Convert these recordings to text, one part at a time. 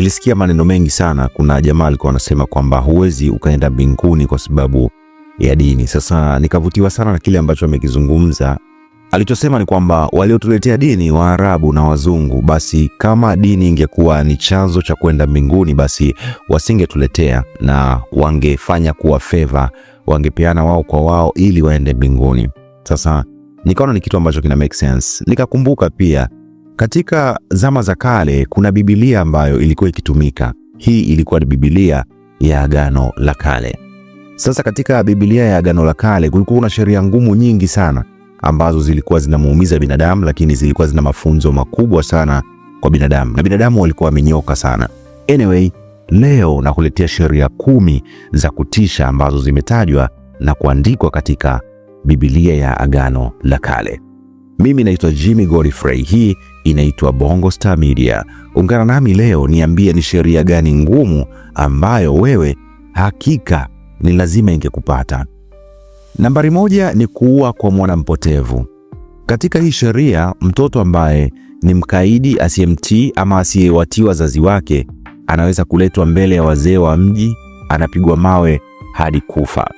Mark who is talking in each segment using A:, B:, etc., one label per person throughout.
A: nilisikia maneno mengi sana. Kuna jamaa alikuwa anasema kwamba huwezi ukaenda mbinguni kwa sababu ya dini. Sasa nikavutiwa sana na kile ambacho amekizungumza. Alichosema ni kwamba waliotuletea dini Waarabu na Wazungu, basi kama dini ingekuwa ni chanzo cha kwenda mbinguni, basi wasingetuletea na wangefanya kuwa feva, wangepeana wao kwa wao ili waende mbinguni. Sasa nikaona ni kitu ambacho kina make sense. Nikakumbuka pia katika zama za kale kuna Biblia ambayo ilikuwa ikitumika. Hii ilikuwa ni Biblia ya Agano la Kale. Sasa katika Biblia ya Agano la Kale kulikuwa kuna sheria ngumu nyingi sana ambazo zilikuwa zinamuumiza binadamu, lakini zilikuwa zina mafunzo makubwa sana kwa binadamu, na binadamu walikuwa wamenyoka sana. Anyway, leo nakuletea sheria kumi za kutisha ambazo zimetajwa na kuandikwa katika Biblia ya Agano la Kale. Mimi naitwa Jimmy Godfrey. Hii inaitwa Bongo Star Media. Ungana nami leo, niambie ni sheria gani ngumu ambayo wewe hakika ni lazima ingekupata. Nambari moja ni kuua kwa mwanampotevu. Katika hii sheria, mtoto ambaye ni mkaidi asiyemtii ama asiyewatii wazazi wake anaweza kuletwa mbele ya wazee wa mji, anapigwa mawe hadi kufa.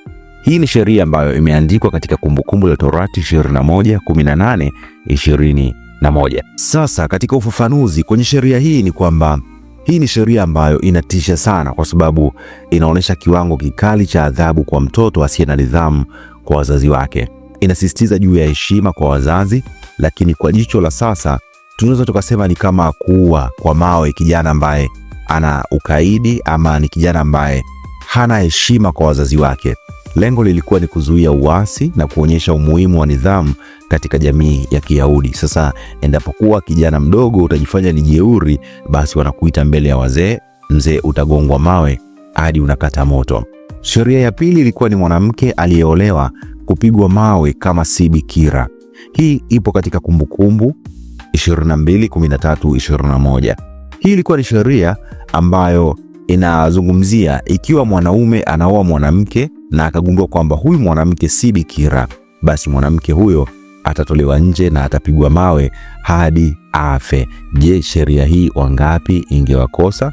A: Hii ni sheria ambayo imeandikwa katika Kumbukumbu la Torati 21:18 20 na moja. Sasa katika ufafanuzi kwenye sheria hii ni kwamba hii ni sheria ambayo inatisha sana, kwa sababu inaonyesha kiwango kikali cha adhabu kwa mtoto asiye na nidhamu kwa wazazi wake. Inasisitiza juu ya heshima kwa wazazi, lakini kwa jicho la sasa tunaweza tukasema ni kama kuua kwa mawe kijana ambaye ana ukaidi ama ni kijana ambaye hana heshima kwa wazazi wake. Lengo lilikuwa ni kuzuia uasi na kuonyesha umuhimu wa nidhamu katika jamii ya Kiyahudi. Sasa endapokuwa kijana mdogo utajifanya ni jeuri, basi wanakuita mbele ya wazee, mzee utagongwa mawe hadi unakata moto. Sheria ya pili ilikuwa ni mwanamke aliyeolewa kupigwa mawe kama si bikira. Hii ipo katika Kumbukumbu 2213 21. Hii ilikuwa ni sheria ambayo inazungumzia ikiwa mwanaume anaoa mwanamke na akagundua kwamba huyu mwanamke si bikira, basi mwanamke huyo atatolewa nje na atapigwa mawe hadi afe. Je, sheria hii wangapi ingewakosa?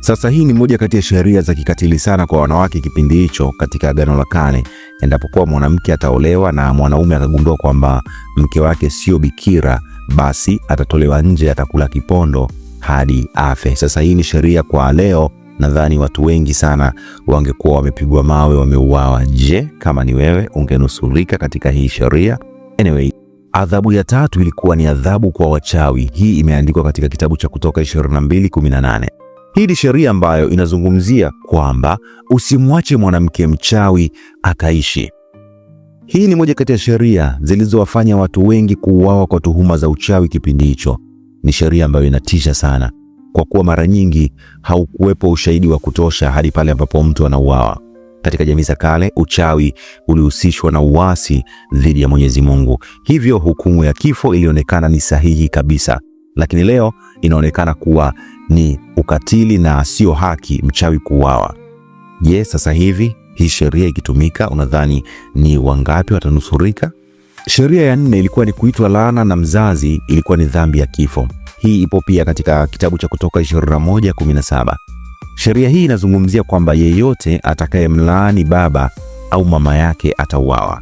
A: Sasa hii ni moja kati ya sheria za kikatili sana kwa wanawake kipindi hicho katika Agano la Kale. Endapo kuwa mwanamke ataolewa na mwanaume akagundua kwamba mke wake sio bikira, basi atatolewa nje, atakula kipondo hadi afe. Sasa hii ni sheria kwa leo, nadhani watu wengi sana wangekuwa wamepigwa mawe, wameuawa. Je, kama ni wewe, ungenusurika katika hii sheria? Anyway, adhabu ya tatu ilikuwa ni adhabu kwa wachawi. Hii imeandikwa katika kitabu cha Kutoka 22:18. Hii ni sheria ambayo inazungumzia kwamba usimwache mwanamke mchawi akaishi. Hii ni moja kati ya sheria zilizowafanya watu wengi kuuawa kwa tuhuma za uchawi kipindi hicho. Ni sheria ambayo inatisha sana, kwa kuwa mara nyingi haukuwepo ushahidi wa kutosha hadi pale ambapo mtu anauawa. Katika jamii za kale, uchawi ulihusishwa na uasi dhidi ya Mwenyezi Mungu, hivyo hukumu ya kifo ilionekana ni sahihi kabisa. Lakini leo inaonekana kuwa ni ukatili na sio haki mchawi kuuawa. Je, sasa hivi hii sheria ikitumika, unadhani ni wangapi watanusurika? Sheria ya nne ilikuwa ni kuitwa laana na mzazi, ilikuwa ni dhambi ya kifo. Hii ipo pia katika kitabu cha Kutoka 21:17. Sheria hii inazungumzia kwamba yeyote atakayemlaani baba au mama yake atauawa,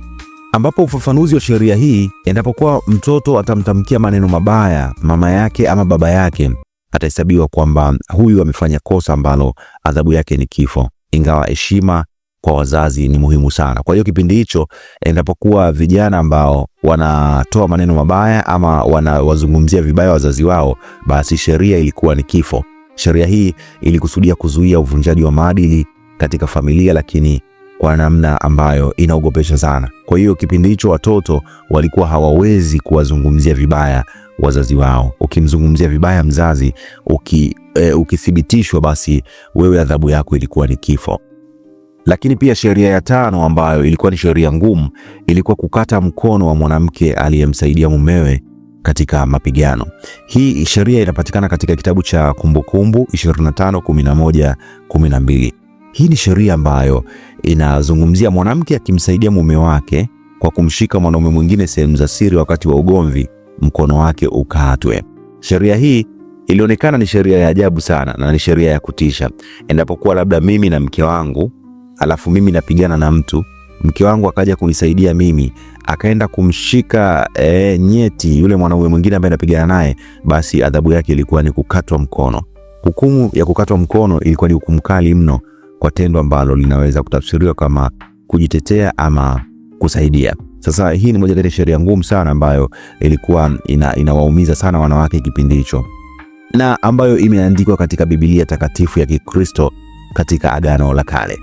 A: ambapo ufafanuzi wa sheria hii, endapokuwa mtoto atamtamkia maneno mabaya mama yake ama baba yake, atahesabiwa kwamba huyu amefanya kosa ambalo adhabu yake ni kifo, ingawa heshima kwa wazazi ni muhimu sana. Kwa hiyo kipindi hicho, endapokuwa vijana ambao wanatoa maneno mabaya ama wanawazungumzia vibaya wazazi wao, basi sheria ilikuwa ni kifo. Sheria hii ilikusudia kuzuia uvunjaji wa maadili katika familia, lakini kwa namna ambayo inaogopesha sana. Kwa hiyo kipindi hicho watoto walikuwa hawawezi kuwazungumzia vibaya wazazi wao. Ukimzungumzia vibaya mzazi uki, e, ukithibitishwa, basi wewe adhabu yako ilikuwa ni kifo. Lakini pia sheria ya tano ambayo ilikuwa ni sheria ngumu ilikuwa kukata mkono wa mwanamke aliyemsaidia mumewe katika mapigano. Hii sheria inapatikana katika kitabu cha Kumbukumbu 2511 12. Hii ni sheria ambayo inazungumzia mwanamke akimsaidia mume wake kwa kumshika mwanaume mwingine sehemu za siri wakati wa ugomvi, mkono wake ukatwe. Sheria hii ilionekana ni sheria ya ajabu sana na ni sheria ya kutisha. kuwa labda mimi na mke wangu, alafu mimi napigana na mtu, mke wangu akaja kunisaidia mimi, akaenda kumshika e, nyeti yule mwanaume mwingine ambaye anapigana naye, basi adhabu yake ilikuwa ni kukatwa mkono. Hukumu ya kukatwa mkono ilikuwa ni hukumu kali mno kwa tendo ambalo linaweza kutafsiriwa kama kujitetea ama kusaidia. Sasa hii ni moja kati ya sheria ngumu sana ambayo ilikuwa inawaumiza ina sana wanawake kipindi hicho, na ambayo imeandikwa katika Biblia takatifu ya Kikristo katika Agano la Kale.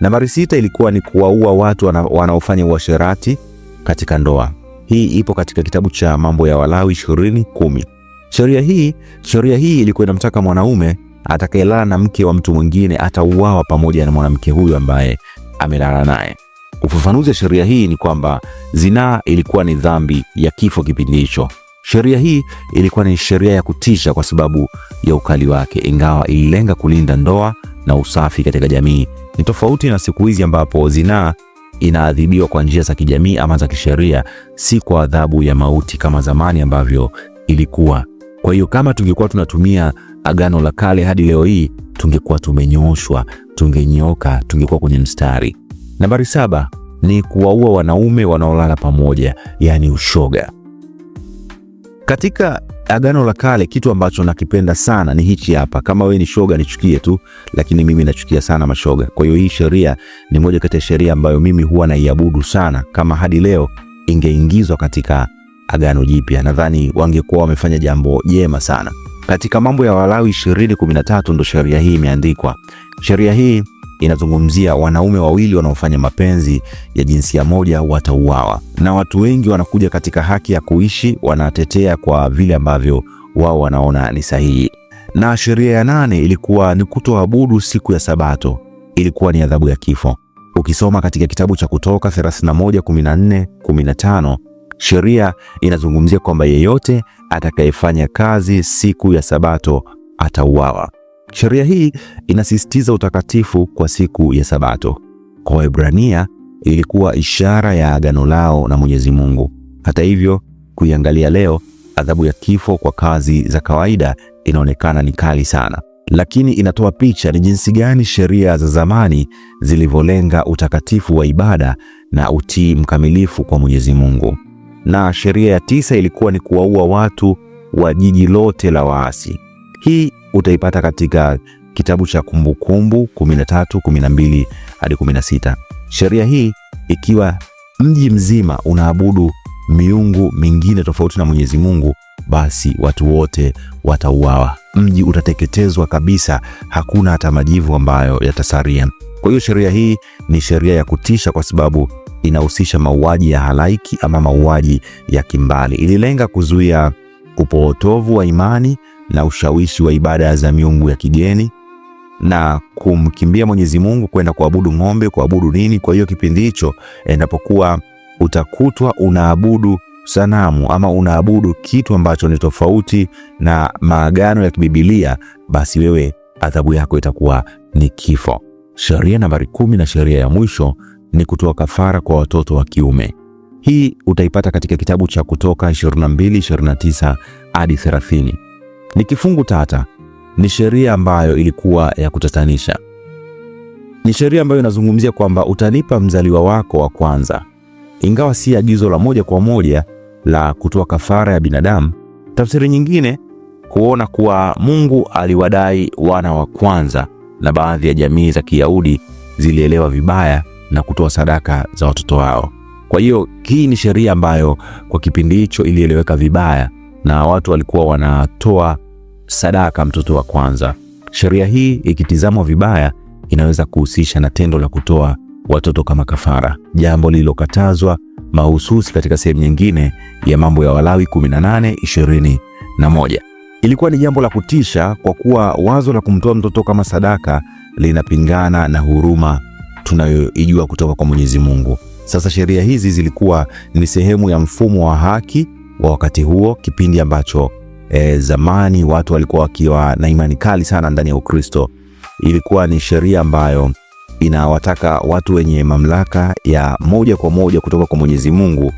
A: Nambari sita ilikuwa ni kuwaua watu wanaofanya uasherati katika ndoa hii ipo katika kitabu cha Mambo ya Walawi 20:10. Sheria hii sheria hii ilikuwa inamtaka mwanaume atakayelala na mke wa mtu mwingine atauawa pamoja na mwanamke huyo ambaye amelala naye. Ufafanuzi wa sheria hii ni kwamba zinaa ilikuwa ni dhambi ya kifo kipindi hicho. Sheria hii ilikuwa ni sheria ya kutisha kwa sababu ya ukali wake, ingawa ililenga kulinda ndoa na usafi katika jamii. Ni tofauti na siku hizi ambapo zinaa inaadhibiwa kwa njia za kijamii ama za kisheria, si kwa adhabu ya mauti kama zamani ambavyo ilikuwa. Kwa hiyo kama tungekuwa tunatumia Agano la Kale hadi leo hii, tungekuwa tumenyooshwa, tungenyoka, tungekuwa kwenye mstari. Nambari saba ni kuwaua wanaume wanaolala pamoja, yaani ushoga. Katika Agano la Kale, kitu ambacho nakipenda sana ni hichi hapa. Kama wewe ni shoga, nichukie tu, lakini mimi nachukia sana mashoga. Kwa hiyo hii sheria ni moja kati ya sheria ambayo mimi huwa naiabudu sana. Kama hadi leo ingeingizwa katika Agano Jipya, nadhani wangekuwa wamefanya jambo jema sana. Katika Mambo ya Walawi 20:13 ndo sheria hii imeandikwa. Sheria hii inazungumzia wanaume wawili wanaofanya mapenzi ya jinsia moja watauawa, na watu wengi wanakuja katika haki ya kuishi, wanatetea kwa vile ambavyo wao wanaona ni sahihi. Na sheria ya nane ilikuwa ni kutoabudu siku ya Sabato, ilikuwa ni adhabu ya kifo. Ukisoma katika kitabu cha Kutoka 31 15 sheria inazungumzia kwamba yeyote atakayefanya kazi siku ya Sabato atauawa. Sheria hii inasisitiza utakatifu kwa siku ya Sabato. Kwa Waebrania ilikuwa ishara ya agano lao na Mwenyezi Mungu. Hata hivyo, kuiangalia leo, adhabu ya kifo kwa kazi za kawaida inaonekana ni kali sana, lakini inatoa picha ni jinsi gani sheria za zamani zilivyolenga utakatifu wa ibada na utii mkamilifu kwa Mwenyezi Mungu. Na sheria ya tisa ilikuwa ni kuwaua watu wa jiji lote la waasi. Hii utaipata katika kitabu cha Kumbukumbu 13, 12 hadi 16. Sheria hii ikiwa mji mzima unaabudu miungu mingine tofauti na Mwenyezi Mungu, basi watu wote watauawa, mji utateketezwa kabisa, hakuna hata majivu ambayo yatasaria. Kwa hiyo sheria hii ni sheria ya kutisha, kwa sababu inahusisha mauaji ya halaiki ama mauaji ya kimbali. Ililenga kuzuia upotovu wa imani na ushawishi wa ibada za miungu ya kigeni na kumkimbia Mwenyezi Mungu kwenda kuabudu ng'ombe, kuabudu nini. Kwa hiyo kipindi hicho endapokuwa utakutwa unaabudu sanamu ama unaabudu kitu ambacho ni tofauti na maagano ya kibibilia, basi wewe adhabu yako itakuwa ni kifo. Sheria nambari kumi na sheria ya mwisho ni kutoa kafara kwa watoto wa kiume. Hii utaipata katika kitabu cha Kutoka 22, 29 hadi 30. Ni kifungu tata, ni sheria ambayo ilikuwa ya kutatanisha. Ni sheria ambayo inazungumzia kwamba utanipa mzaliwa wako wa kwanza. Ingawa si agizo la moja kwa moja la kutoa kafara ya binadamu, tafsiri nyingine kuona kuwa Mungu aliwadai wana wa kwanza, na baadhi ya jamii za Kiyahudi zilielewa vibaya na kutoa sadaka za watoto wao. Kwa hiyo hii ni sheria ambayo kwa kipindi hicho ilieleweka vibaya na watu walikuwa wanatoa sadaka mtoto wa kwanza. Sheria hii ikitizamwa vibaya, inaweza kuhusisha na tendo la kutoa watoto kama kafara, jambo lililokatazwa mahususi katika sehemu nyingine ya Mambo ya Walawi 18:21. Ilikuwa ni jambo la kutisha kwa kuwa wazo la kumtoa mtoto kama sadaka linapingana na huruma tunayoijua kutoka kwa Mwenyezi Mungu. Sasa sheria hizi zilikuwa ni sehemu ya mfumo wa haki wa wakati huo, kipindi ambacho e, zamani watu walikuwa wakiwa na imani kali sana ndani ya Ukristo. Ilikuwa ni sheria ambayo inawataka watu wenye mamlaka ya moja kwa moja kutoka kwa Mwenyezi Mungu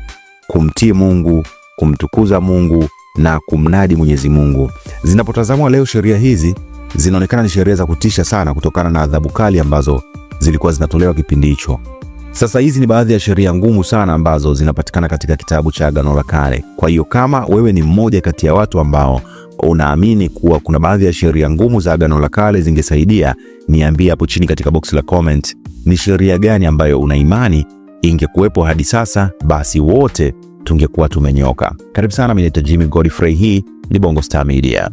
A: kumtii Mungu, kumtukuza Mungu na kumnadi Mwenyezi Mungu. Zinapotazamwa leo, sheria hizi zinaonekana ni sheria za kutisha sana kutokana na adhabu kali ambazo zilikuwa zinatolewa kipindi hicho. Sasa hizi ni baadhi ya sheria ngumu sana ambazo zinapatikana katika kitabu cha Agano la Kale. Kwa hiyo kama wewe ni mmoja kati ya watu ambao unaamini kuwa kuna baadhi ya sheria ngumu za Agano la Kale zingesaidia, niambie hapo chini katika box la comment, ni sheria gani ambayo unaimani ingekuwepo hadi sasa, basi wote tungekuwa tumenyoka. Karibu sana, mimi ni Jimmy Godfrey, hii ni Bongo Star Media.